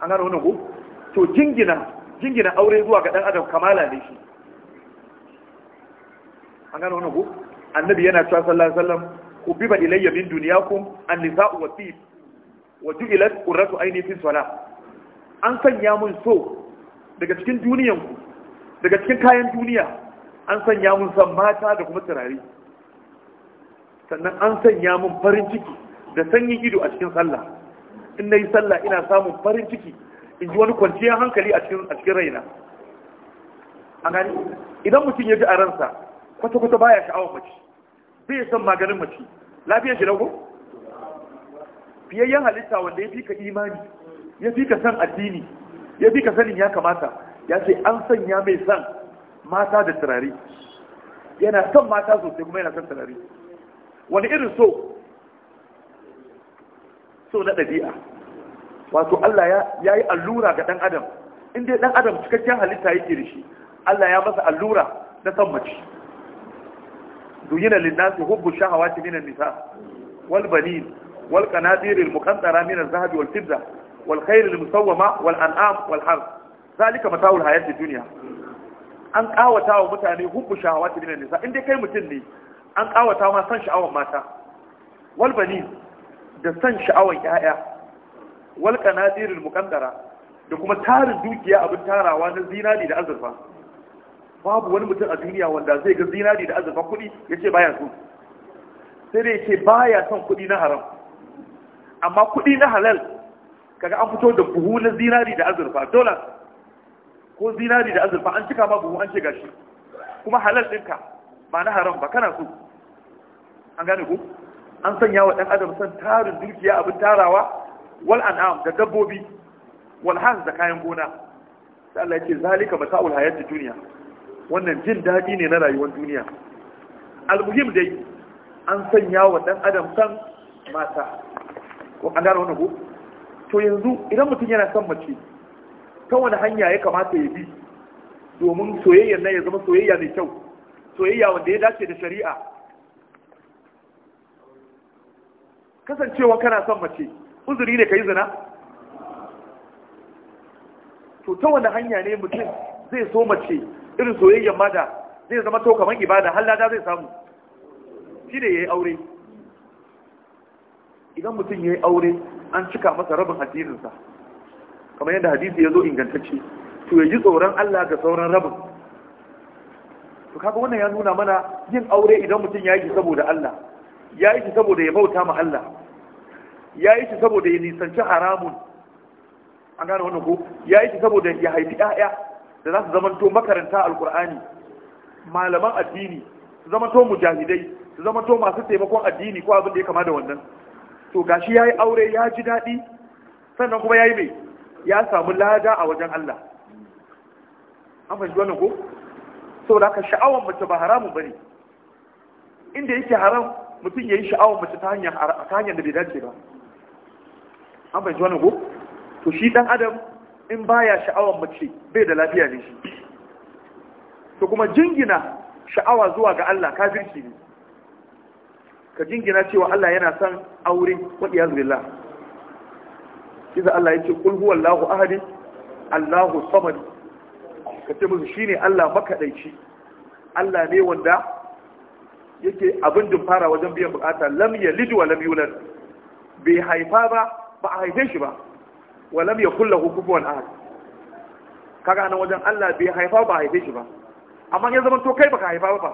an gane wani hukum to jingina jingina aure zuwa ga dan adam kamala ne shi an gane wani hukum annabi yana cewa sallallahu alaihi wasallam kubiba ilayya min dunyakum an-nisa'u wa tib wa ju'ilat qurratu ayni fi salah an sanya mun so daga cikin duniyanku daga cikin kayan duniya an sanya mun san mata da kuma turare sannan an sanya mun farin ciki da sanyin ido a cikin sallah in na yi sallah ina samun farin ciki in ji wani kwanciyar hankali a cikin raina a gani idan mutum ya ji a ransa kwata-kwata baya sha'awar mace bai san maganin mace lafiyar shi dago fiyayyen halitta wanda ya fi ka imani ya fi ka san addini ya fi ka sanin ya kamata ya ce an sanya mai san mata da turare yana son mata sosai kuma yana son turare wani irin so so na ɗabi'a wato Allah ya yi allura ga ɗan adam in dai ɗan adam cikakken halitta yake da shi Allah ya masa allura na son mace duyina linnasi hubbu shahawati minan nisa wal banin wal qanatir al muqantara min al zahabi wal fidda wal al musawwama wal an'am wal harb zalika mata'ul hayatid duniya. an kawata wa mutane hubbu shahawati min nisa in dai kai mutum ne an kawata ma san sha'awan mata wal bani da san sha'awan yaya wal qanadirul muqaddara da kuma tarin dukiya abin tarawa na zinari da azurfa babu wani mutum a duniya wanda zai ga zinari da azurfa kuɗi yace baya so sai dai yace baya son kuɗi na haram amma kuɗi na halal kaga an fito da buhu na zinari da azurfa dollars ko zinari da azurfa an cika ma buhu an ce gashi kuma halal ɗinka ba na haram ba kana so an gane ko an sanya wa ɗan adam san tarin dukiya abin tarawa wal an'am da dabbobi wal hans da kayan gona sai Allah yake zalika mata'ul hayatid duniya wannan jin daɗi ne na rayuwar duniya almuhim dai an sanya wa ɗan adam san mata ko an gane wannan ko to yanzu idan mutum yana son mace ta wani hanya ya kamata ya bi domin soyayyar nan ya zama soyayya mai kyau soyayya wanda ya dace da shari'a kasancewa kana son mace uzuri ne ka yi zina to ta wani hanya ne mutum zai so mace irin soyayyar ma da zai zama to kamar ibada har lada zai samu shi ne ya yi aure idan mutum ya yi aure an cika masa rabin addininsa kamar yadda hadisi ya zo ingantacce to ya ji tsoron Allah ga sauran rabin to kaga wannan ya nuna mana yin aure idan mutum ya yi saboda Allah ya yi saboda ya bauta ma Allah ya yi saboda ya nisanci haramun an gane wannan ko ya yi saboda ya haifi ƴaƴa da za su to makaranta alkur'ani malaman addini su to mujahidai su to masu taimakon addini ko abin da ya kama da wannan to gashi ya yi aure ya ji daɗi sannan kuma ya yi mai ya samu lada a wajen Allah an fahimci wannan ko da ka sha'awar mace ba haramun ne. inda yake haram mutum ya yi sha'awar mace ta hanyar da bai dace ba an fahimci wannan ko to shi dan adam in baya sha'awar mace bai da lafiya ne shi to kuma jingina sha'awa zuwa ga Allah kafirci ne ka jingina cewa Allah yana son aure wa iyaz Kiza Allah ya ce kul huwallahu ahadi, Allahu samad ka ce musu shine Allah makadaici Allah ne wanda yake abin din fara wajen biyan bukata lam yalid wa lam yulad bai haifa ba ba a haife shi ba wa lam yakul lahu kufuwan ahad kaga nan wajen Allah bai haifa ba a haife shi ba amma ya zama to kai baka haifa ba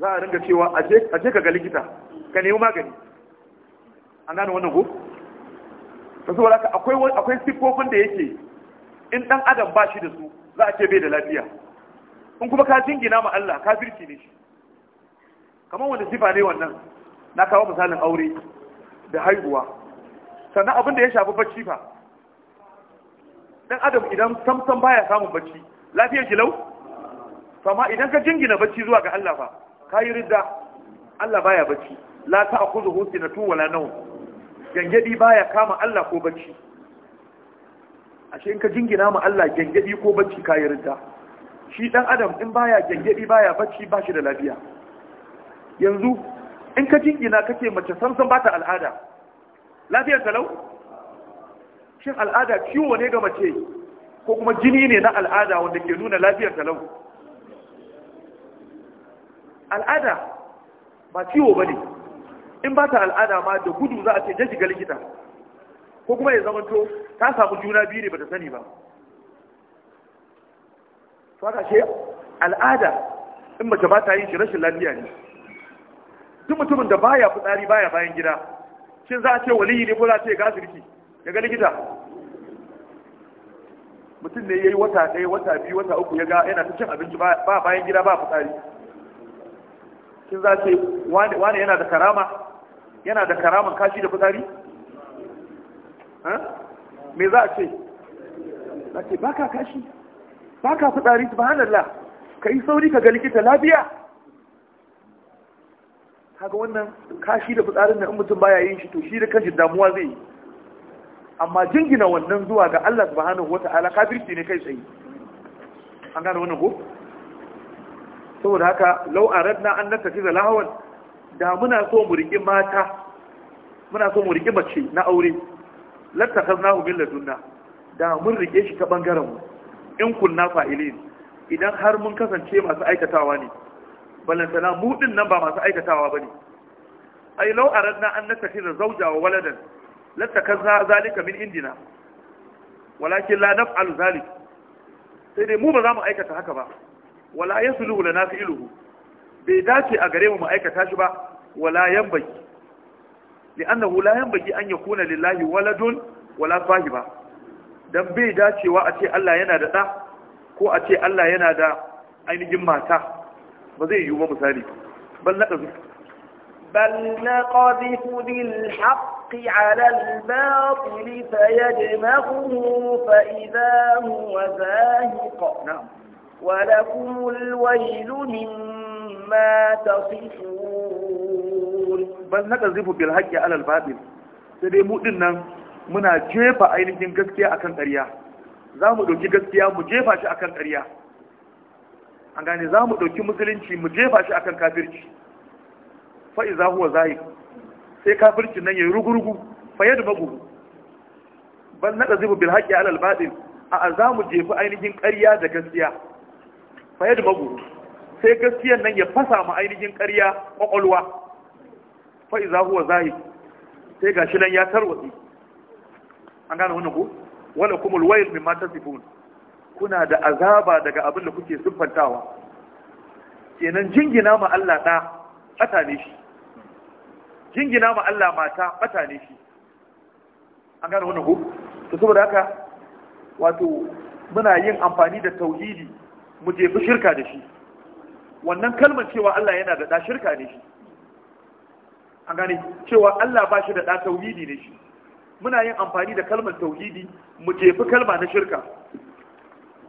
za a ringa cewa aje ka ga likita ka nemi magani an gane wannan ku? to saboda haka akwai akwai sifofin da yake in dan adam ba shi da su za a ce bai da lafiya in kuma ka jingina ma Allah kafirci ne shi kamar wanda sifa ne wannan na kawo misalin aure da haihuwa sannan abin da ya shafi bacci fa dan adam idan samsam baya samun bacci lafiyar shi lau amma idan ka jingina bacci zuwa ga Allah fa yi ridda Allah baya bacci la ta'khudhuhu sinatu wala nawm gangadi baya kama Allah ko bacci ashe in ka jingina ma Allah gangadi ko bacci ka yarda shi dan adam in baya gangadi baya bacci ba shi da lafiya yanzu in ka jingina kake mace samsan bata al'ada lafiyar talau shin al'ada ciwo ne ga mace ko kuma jini ne na al'ada wanda ke nuna lafiyar talau al'ada ba ciwo ba ne in ba ta al'ada ma da gudu za a ce je shiga likita ko kuma ya to ta samu juna biyu ne ba ta sani ba to haka ce al'ada in mace ba ta yi shi rashin lafiya ne duk mutumin da baya fitsari baya bayan gida shin za a ce waliyi ne ko za a ce ga Ya daga likita mutum ne ya yi wata ɗaya wata biyu wata uku ya ga yana ta cin abinci ba bayan gida ba fitsari shin za a ce wane yana da karama yana da karaman kashi da fitari? me za a ce za ce ba ka kashi ba ka fitsari subhanallah ka yi sauri ka ga likita lafiya haka wannan kashi da fitsarin na in mutum baya yin shi to shi da kashi damuwa zai yi amma jingina wannan zuwa ga Allah subhanahu wata'ala kafirci ne kai tsaye an gane wannan ko saboda haka law aradna an fi lahawan da muna so mu riƙi mata muna so mu riƙi mace na aure lattakaz na billa ladunna da mun riƙe shi ta ɓangarenmu in kunna fa'ilin idan har mun kasance masu aikatawa ne balantana mu din nan ba masu aikatawa ba ne ai lau a an nasafi da zauja wa waladan latta na zalika min indina walakin la naf'alu zalik sai dai mu ba za mu aikata haka ba wala yasluhu lana fi'luhu bai dace a gare mu ma'aikata shi ba wala yanbaghi li'annahu la yanbaghi an yakuna lillahi waladun wala sahiba dan bai dacewa a ce Allah yana da da ko a ce Allah yana da ainihin mata ba zai yiwu ba misali bal na qadhi bal na qadhi bil haqq ala al batil fayadmaghu fa idha huwa zahiq na'am ولكم الويل مما ما تصفون بل bil بالحق على الباطل sai dai mu nan muna jefa ainihin gaskiya akan ƙarya za mu ɗauki gaskiya mu jefa shi akan ƙarya an gane za mu ɗauki musulunci mu jefa shi akan kafirci fa'i za huwa zahi sai kafircin nan ya yi rugurugu faye da magu ban naɗa zubu bil haƙƙi alal baɗin a za mu jefi ainihin ƙarya da gaskiya faye da magu sai gaskiyar nan ya fasa ma ainihin ƙarya ƙwaƙwalwa fa iza huwa zahid sai gashi nan ya tarwatsi an gane wannan kuma wala kumul mata mimma tasifun kuna da azaba daga abin da kuke siffantawa kenan jingina ma Allah ɗa bata ne shi jingina ma Allah mata bata ne shi an gane wannan ko to saboda haka wato muna yin amfani da tauhidi mu jefi shirka da shi wannan kalmar cewa Allah yana da ɗa shirka ne shi an gane cewa Allah ba shi da ɗa tauhidi ne shi muna yin amfani da kalmar tauhidi mu jefi kalma na shirka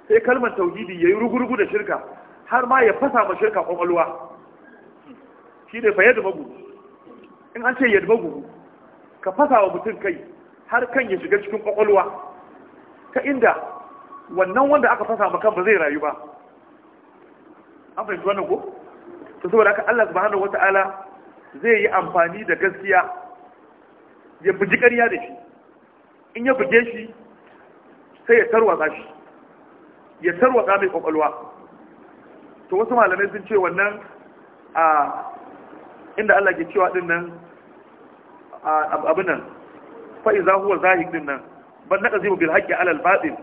sai kalmar tauhidi ya yi rugurugu da shirka har ma ya fasa ma shirka ƙwaƙwalwa shi ne fa yadda magu in an ce yadda magu ka fasa wa mutum kai har kan ya shiga cikin ƙwaƙwalwa ta inda wannan wanda aka fasa ma kan ba zai rayu ba an fahimci wannan ko to saboda haka Allah subhanahu wata'ala zai yi amfani da gaskiya ya buji ƙarya da shi in ya buge shi sai ya tarwatsa shi ya tarwatsa mai kwakwalwa to wasu malamai sun ce wannan a inda Allah ke cewa din nan abin nan fa'iza huwa zahik din nan ban naka zai bil haƙƙi alal baɗin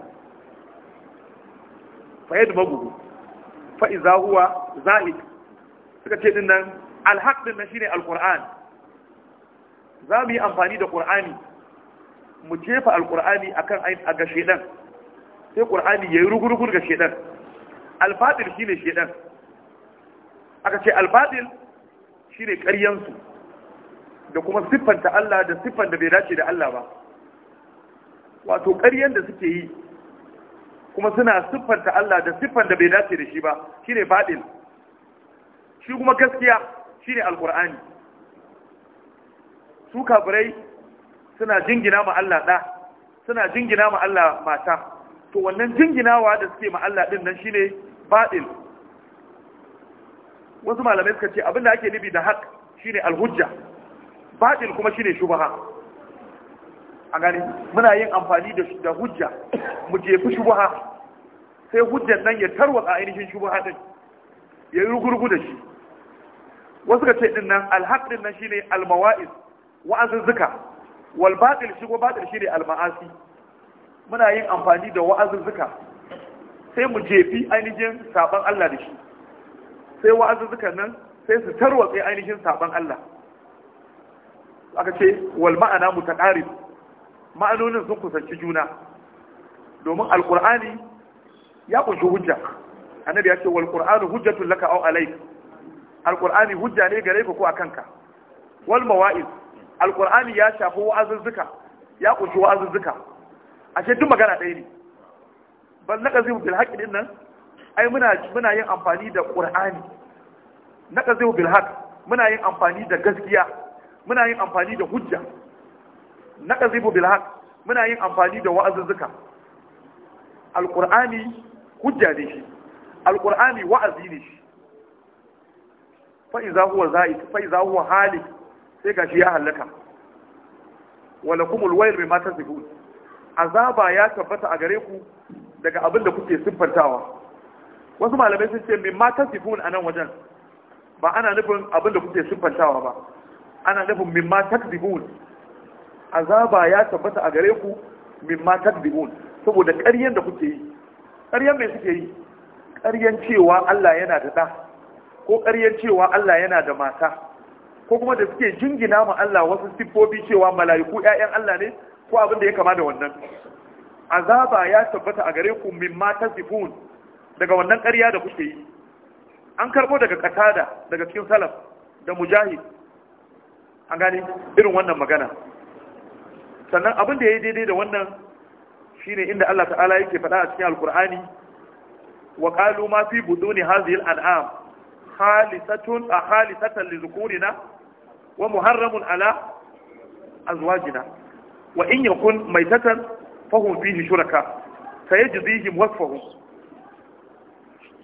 fa yadda fa'iza huwa zahid suka ce dinnan alhaq din nan shine alquran za mu yi amfani da qur'ani mu jefa alqur'ani akan a gashe shedan sai qur'ani yayi rugurugur gashe shedan alfadil shine shedan aka ce alfadil shine ƙaryansu da kuma siffanta Allah da siffan da bai dace da Allah ba wato ƙaryan da suke yi kuma suna siffanta Allah da siffan da bai dace da shi ba shine batil shi kuma gaskiya shine alqur'ani su kafirai suna jingina ma Allah da suna jingina ma Allah mata to wannan jinginawa da suke ma Allah din nan shine batil wasu malamai suka ce abinda ake nufi da haƙ shine alhujja batil kuma shine shubaha. a gani muna yin amfani da hujja mu jefi shubuha sai hujjan nan ya tarwatsa ainihin shubuha din ya yi rugurgu da shi wasu ka ce din nan alhaƙin nan shine almawa'iz wa'azuzzuka wal batil shi ko batil shine alma'asi muna yin amfani da zika sai mu jefi ainihin saban Allah da shi sai wa'azuzzukan nan sai su tarwatsa ainihin saban Allah aka ce wal ma'ana mutaqarib ma'anonin sun kusanci juna domin alkur'ani ya kunshi hujja annabi ya ce wal qur'anu hujjatun laka aw alayk alkur'ani hujja ne gare ka ko akanka wal mawa'iz alkur'ani ya shafi wa'azuzzuka ya kunshi wa'azuzzuka ashe duk magana ɗaya ne bal naqazu bil haqq dinnan ai muna muna yin amfani da qur'ani naqazu bil haqq muna yin amfani da gaskiya muna yin amfani da hujja na ƙazibu bilhaq muna yin amfani da wa'azuzzuka alƙur'ani hujja ne shi alƙur'ani wa'azi ne shi fa'iza huwa za'i fa'iza huwa hali sai gashi ya halaka wala kumul wayl bima tasifun azaba ya tabbata a gare ku daga abin da kuke siffantawa wasu malamai sun ce mimma tasifun anan wajen ba ana nufin abin da kuke siffantawa ba ana nufin mimma takzibun azaba ya tabbata a gare ku min ma tadbihun saboda ƙaryen da kuke yi ƙaryen mai suke yi ƙaryen cewa Allah yana da ɗa ko ƙaryen cewa Allah yana da mata ko kuma da suke jingina ma Allah wasu siffofi cewa mala'iku ƴaƴan Allah ne ko abin da ya kama da wannan azaba ya tabbata a gare ku min ma tasifun daga wannan ƙarya da kuke yi an karbo daga katada daga cikin salaf da mujahid an gani irin wannan magana sannan abin da ya yi daidai da wannan shi ne inda Allah ta'ala yake faɗa a cikin alkur'ani wa qalu ma fi buduni hadhihi al'am khalisatun a khalisatan li wa muharramun ala azwajina wa in yakun maitatan fahum fihi shuraka sayajzihim wasfahum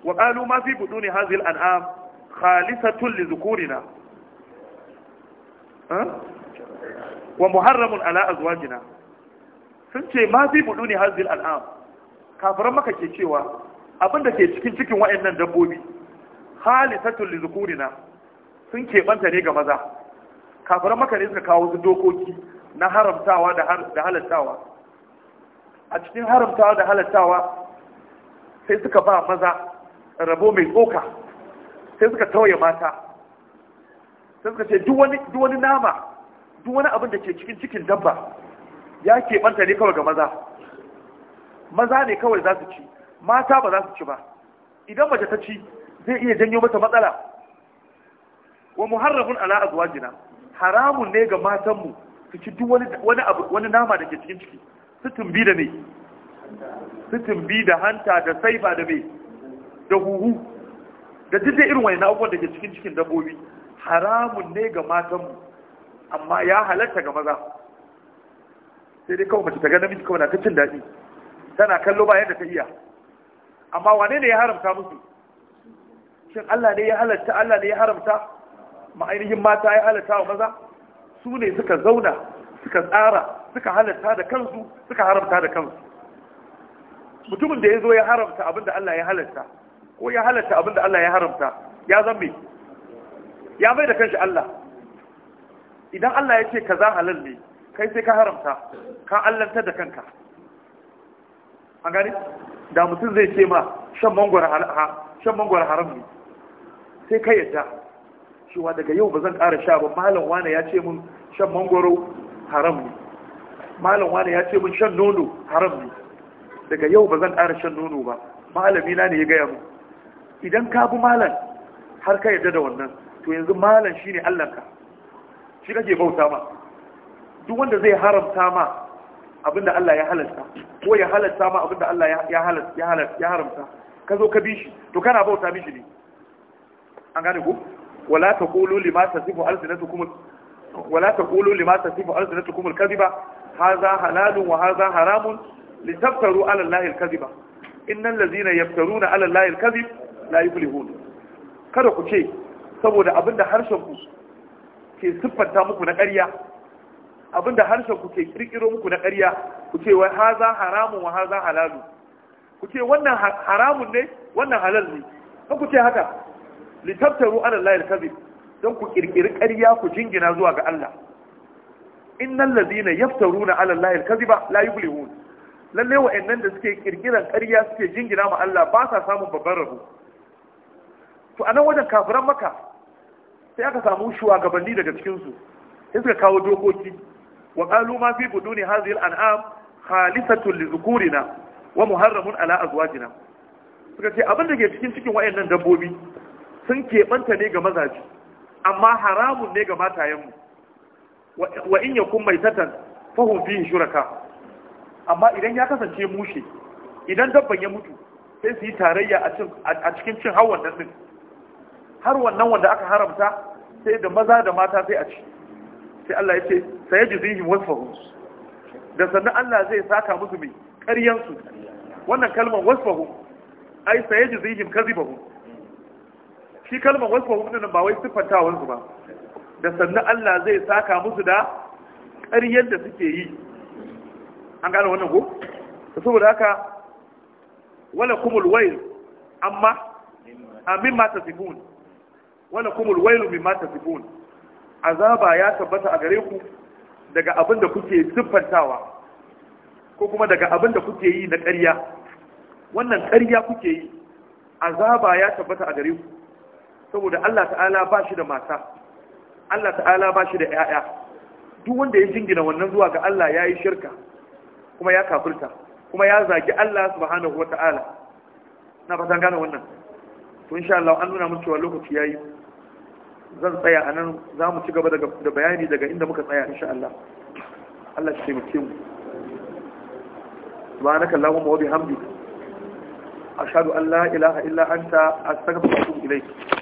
wa qalu ma fi buduni hadhihi al'am khalisatun li wa muharramun ala azwajina sun ce ma fi budu ne hazil al'am kafiran maka ke cewa abinda ke cikin cikin wa'annan dabbobi halisatul lizukurina sun banta ne ga maza kafiran maka ne suka kawo su dokoki na haramtawa da halaltawa a cikin haramtawa da halaltawa sai suka ba maza rabo mai tsoka sai suka tauye mata sai suka ce duk wani nama duk wani abin da ke cikin cikin dabba ya keɓanta ne kawai ga maza maza ne kawai za su ci mata ba za su ci ba idan mace ta ci zai iya janyo mata matsala wa muharramun ala azwajina haramun ne ga matanmu su ci duk wani wani abu wani nama da ke cikin ciki su tumbi da me su tumbi da hanta da saifa da me da huhu da duk irin wani abubuwan da ke cikin cikin dabbobi haramun ne ga matanmu amma ya halatta ga maza sai dai kawai mace ta gani namiji kawai na ta cin daɗi tana kallo ba yadda ta iya amma wane ne ya haramta musu shin Allah ne ya halatta Allah ne ya haramta ma ainihin mata ya halatta wa maza su ne suka zauna suka tsara suka halatta da kansu suka haramta da kansu mutumin da ya zo ya haramta abin da Allah ya halatta ko ya halatta abin da Allah ya haramta ya zambe ya bai da kanshi Allah idan Allah ya ce ka za halal ne kai sai ka haramta ka allanta da kanka an gani da mutum zai ce ma shan mangwara haram ne sai ka yadda cewa daga yau ba zan ƙara sha ba malam wane ya ce mun shan mangwaro haram ne malam wane ya ce mun shan nono haram ne daga yau ba zan ƙara shan nono ba malami na ne ya gaya mu idan ka bi malam har ka yadda da wannan to yanzu malam shine allanka shi kake bauta ma duk wanda zai haramta ma abinda Allah ya halarta ko ya halarta ma abinda Allah ya halarta ya haramta ka zo ka bi shi to kana bauta mishi ne an gane ku wala taqulu lima tasifu alsinatukum wala taqulu lima tasifu alsinatukum alkadhiba hadha halalun wa hadha haramun litaftaru ala allahi alkadhiba innal ladhina yaftaruna ala allahi alkadhib la yuflihun kada ku ce saboda abinda harshen ku ke siffanta muku na ƙarya abinda harshen ku ke ƙirƙiro muku na ƙarya ku ce wai haza haramun wa haza halalu ku ce wannan haramun ne wannan halal ne kan ku ce haka litabtaru ala Allah al kazi don ku ƙirƙiri ƙarya ku jingina zuwa ga Allah innal ladina yaftaruna ala Allah al ba la yuflihun lalle wa'annan da suke ƙirƙiran ƙarya suke jingina ma Allah ba sa samun babban rabo to anan wajen kafiran maka sai aka samu shugabanni daga cikinsu sai suka kawo dokoki wa qalu ma fi buduni hadhihi anam khalisatun li dhukurina wa muharramun ala azwajina suka ce abin da ke cikin cikin wayannan dabbobi sun keɓanta ne ga mazaji amma haramun ne ga matayenmu wa in yakun maitatan fahum fihi shuraka amma idan ya kasance mushe idan dabban ya mutu sai su yi tarayya a cikin cin hawan nan din har wannan wanda aka haramta sai da maza da mata sai a ci sai Allah ya ce sai jizihim wasfahum da sannan Allah zai saka musu mai ƙaryansu su wannan kalmar wasfahu ai sai jizihim kazibahum shi kalmar wasfahu din ba wai siffantawan su ba da sannan Allah zai saka musu da ƙaryar da suke yi an gane wannan ko saboda haka wala kumul wayl amma amin ma tasifun wala kumul wailu mimma tasifun azaba ya tabbata a gare ku daga abin da kuke siffantawa ko kuma daga abin da kuke yi na ƙarya wannan ƙarya kuke yi azaba ya tabbata a gare ku saboda Allah ta'ala ba shi da mata Allah ta'ala ba shi da 'ya'ya duk wanda ya jingina wannan zuwa ga Allah ya yi shirka kuma ya kafirta kuma ya zagi Allah subhanahu wa ta'ala na fatan gane wannan to insha Allah an nuna mun cewa lokaci yayi zan tsaya a nan za mu ci gaba da bayani daga inda muka tsaya insha Allah Allah shi taimake mu subhanaka allahumma wa bihamdika ashhadu an la ilaha illa anta astaghfiruka wa atubu ilayk